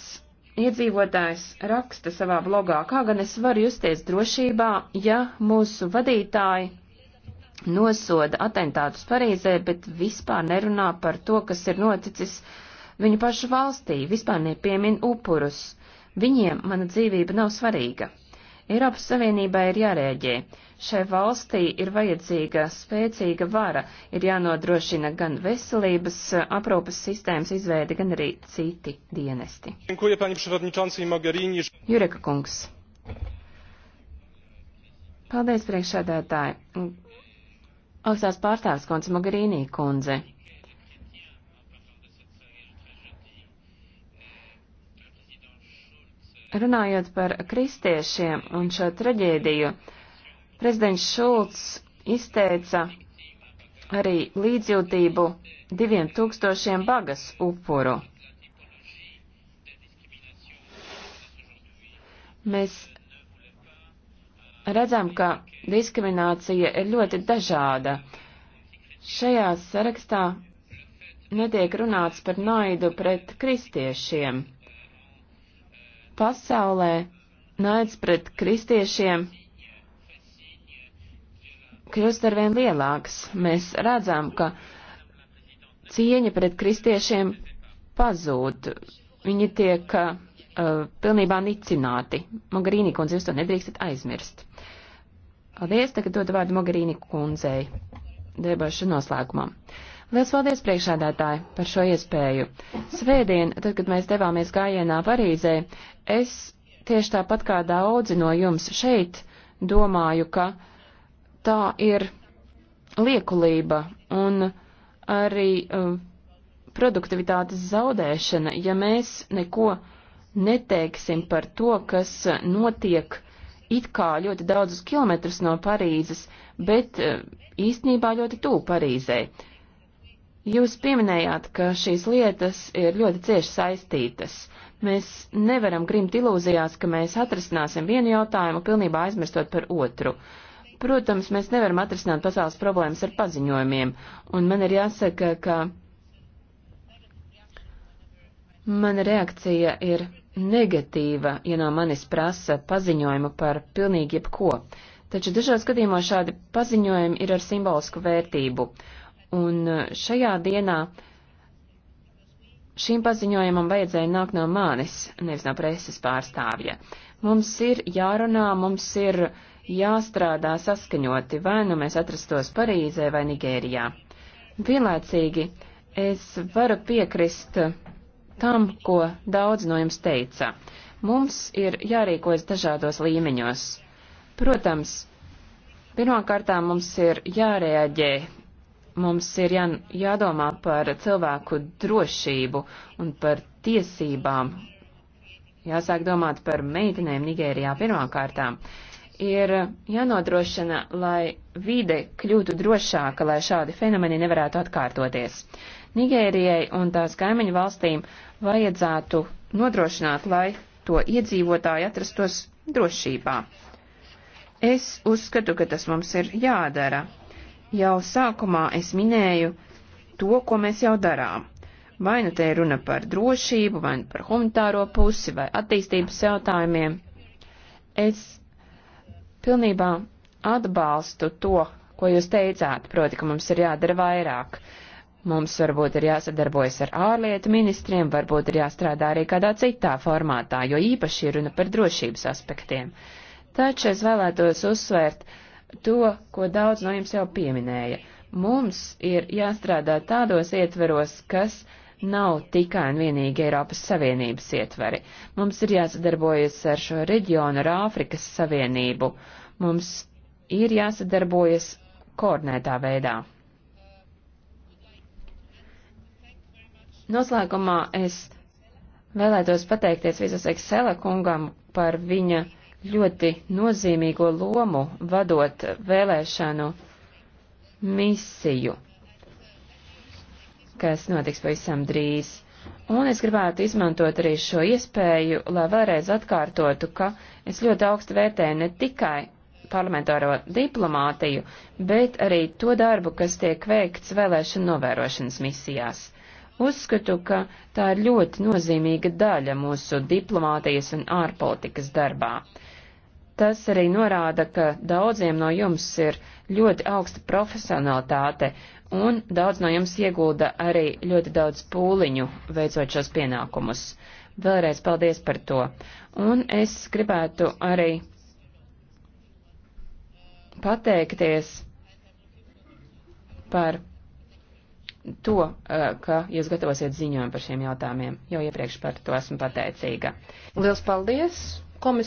[SPEAKER 1] iedzīvotājs raksta savā blogā, kā gan es varu justies drošībā, ja mūsu vadītāji nosoda atentātus Parīzē, bet vispār nerunā par to, kas ir noticis viņu pašu valstī, vispār nepiemin upurus. Viņiem mana dzīvība nav svarīga. Eiropas Savienībai ir jārēģē. Šai valstī ir vajadzīga spēcīga vara, ir jānodrošina gan veselības eh, aprūpas sistēmas izveide, gan arī citi dienesti. Jureka kungs. Paldies, priekšsēdētāji. Augstās pārstāvs kundze Mogarīnī kundze. Runājot par kristiešiem un šo traģēdiju, prezidents Šulcs izteica arī līdzjūtību diviem tūkstošiem bagas upuru. Mēs redzam, ka diskriminācija ir ļoti dažāda. Šajā sarakstā netiek runāts par naidu pret kristiešiem. Pasaulē naids pret kristiešiem kļūst arvien lielāks. Mēs redzam, ka cieņa pret kristiešiem pazūd. Viņi tiek uh, pilnībā nicināti. Mogarīni kundze, jūs to nedrīkstat aizmirst. Paldies, tagad dodu vārdu Mogarīni kundzei debašu noslēgumā. Uh, Liels paldies priekšādātāji par šo iespēju. Svētdien, tad, kad mēs devāmies gājienā Parīzē, es tieši tāpat kā daudzi no jums šeit domāju, ka tā ir liekulība un arī uh, produktivitātes zaudēšana, ja mēs neko neteiksim par to, kas notiek it kā ļoti daudzus kilometrus no Parīzes, bet uh, īstenībā ļoti tūlu Parīzē. Jūs pieminējāt, ka šīs lietas ir ļoti cieši saistītas. Mēs nevaram grimt ilūzijās, ka mēs atrisināsim vienu jautājumu, pilnībā aizmirstot par otru. Protams, mēs nevaram atrisināt pasaules problēmas ar paziņojumiem, un man ir jāsaka, ka mana reakcija ir negatīva, ja no manis prasa paziņojumu par pilnīgi jebko. Taču dažos gadījumos šādi paziņojumi ir ar simbolisku vērtību. Uh, Un uh, šajā dienā šīm paziņojumam vajadzēja nākt no manis, nevis no preses pārstāvja. Mums ir jārunā, mums ir jāstrādā saskaņoti, vai nu mēs atrastos Parīzē vai Nigērijā. Vienlaicīgi es varu piekrist tam, ko daudz no jums teica. Mums ir jārīkojas dažādos līmeņos. Protams, pirmkārtām mums ir jārēģē Mums ir jā, jādomā par cilvēku drošību un par tiesībām. Jāsāk domāt par meitenēm Nigērijā pirmām kārtām. Ir jānodrošina, lai vide kļūtu drošāka, lai šādi fenomeni nevarētu atkārtoties. Nigērijai un tās kaimiņu valstīm vajadzētu nodrošināt, lai to iedzīvotāji atrastos drošībā. Es uzskatu, ka tas mums ir jādara, Jau sākumā es minēju to, ko mēs jau darām. Vai nu te ir runa par drošību, vai nu par humanitāro pusi, vai attīstības jautājumiem. Es pilnībā atbalstu to, ko jūs teicāt, proti, ka mums ir jādara vairāk. Mums varbūt ir jāsadarbojas ar ārlietu ministriem, varbūt ir jāstrādā arī kādā citā formātā, jo īpaši ir runa par drošības aspektiem. Taču es vēlētos uzsvērt, uh, to, ko daudz no jums jau pieminēja. Mums ir jāstrādā tādos ietveros, kas nav tikai un vienīgi Eiropas Savienības ietveri. Mums ir jāsadarbojas ar šo reģionu, ar Āfrikas Savienību. Mums ir jāsadarbojas koordinētā veidā. Noslēgumā es vēlētos pateikties visas Excela kungam par viņa ļoti nozīmīgo lomu vadot vēlēšanu misiju, kas notiks pavisam drīz. Un es gribētu izmantot arī šo iespēju, lai vēlreiz atkārtotu, ka es ļoti augstu vērtēju ne tikai parlamentāro diplomātiju, bet arī to darbu, kas tiek veikts vēlēšanu novērošanas misijās. Uzskatu, ka tā ir ļoti nozīmīga daļa mūsu diplomātijas un ārpolitikas darbā. Tas arī norāda, ka daudziem no jums ir ļoti augsta profesionalitāte, un daudz no jums iegulda arī ļoti daudz pūliņu, veicot šos pienākumus. Vēlreiz paldies par to. Un es gribētu arī pateikties par to, eh, ka jūs gatavosiet ziņojumu par šiem jautājumiem. Jau iepriekš par to esmu pateicīga. Liels paldies! Komis